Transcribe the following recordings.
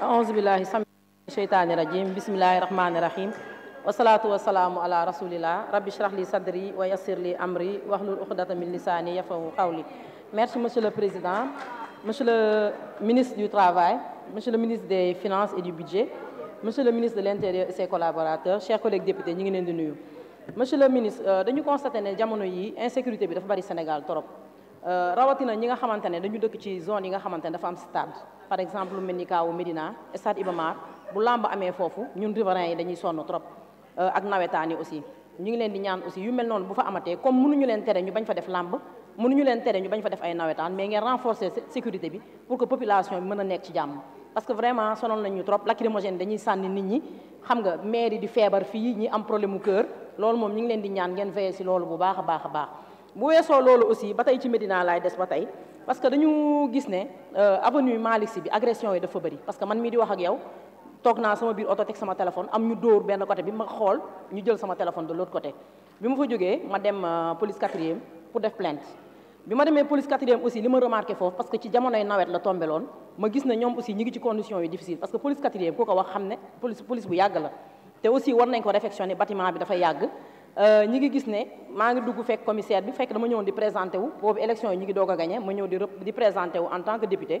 aousubillahi sami sheytaani rajim bisimillahi rahmaani rahim wasalaatu wasalaamu ala rasoulillah rabbi shrah li sadri wa yassir li amri wahlul uqdata min lisaani yafahu qawli merci monsieur le président monsieur le ministre du travail monsieur le ministre des finances et du budget monsieur le ministre de l'intérieur et ses collaborateurs chers collègues députés ñu ngi leen di nuyu monsieur le ministre euh, dañu constater ne jamono yi insécurité bi dafa bari Sénégal trop euh, rawatina ñi nga xamante dañu dëkk ci zone yi nga xamante dafa am stade par exemple lu mel ni kaawu Médina stade Iba bu lamb amé fofu ñun riverains yi dañuy sonn trop euh, ak nawetaan aussi ñu ngi leen di ñaan aussi yu mel non bu fa amaté comme mënuñu leen téré ñu bañ fa def làmb mënuñu leen téré ñu bañ fa def ay nawetaan mais ngeen renforcer sécurité bi pour que population mëna nekk ci jamm parce que vraiment sonal nañu trop lacrymogène dañuy sanni nit ñi xam nga maire di feebar fi ñi am problème cœur lool mom ñu ngi leen di ñaan ngeen veiller ci lool bu baaxa baaxa baax bu weesoo loolu aussi ba tey ci Medina lay des ba tey parce que dañu gis ne euh, avenue Malick Sy bi agression yi dafa bëri parce que man mii di wax ak yow toog naa sama biir oto teg sama téléphone am ñu dóor benn côté bi ma xool ñu jël sama téléphone de l'autre côté bi ma fa jógee ma dem euh, police quatrième pour def plainte bi ma demee police quatrième aussi li ma remarqué foofu parce que ci jamono jamonoy nawet la tombé loon ma gis ne ñoom aussi ñi ngi ci condition yu difficile parce que police quatrième ku ko wax xam ne police police bu yàgg la te aussi war nañ ko réfectionner bâtiment bi dafa yàgg euh, ñi ngi gis ne maa ngi dugg fekk commissaire bi fekk dama ñëwoon di présenté wu boobu élection yi ñi ngi doog a gagné ma ñëw di di présenté wu en tant que député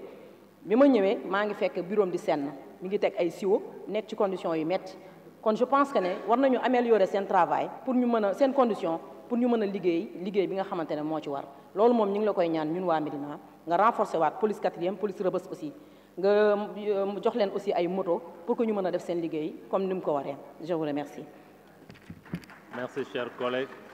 bi ma ñëwee maa ngi fekk bureau di senn mi ngi teg ay siwo nekk ci condition yu métti kon je pense que ne war nañu améliorer seen travail pour ñu mën a seen condition pour ñu mën a liggéey liggéey bi nga xamante ne moo ci war loolu moom ñu ngi la koy ñaan ñun waa Medina nga renforcer waat police quatrième police Rebeuss aussi nga euh, jox leen aussi ay moto pour que ñu mën a def seen liggéey comme ni mu ko waree je vous remercie Merci, chers collègues.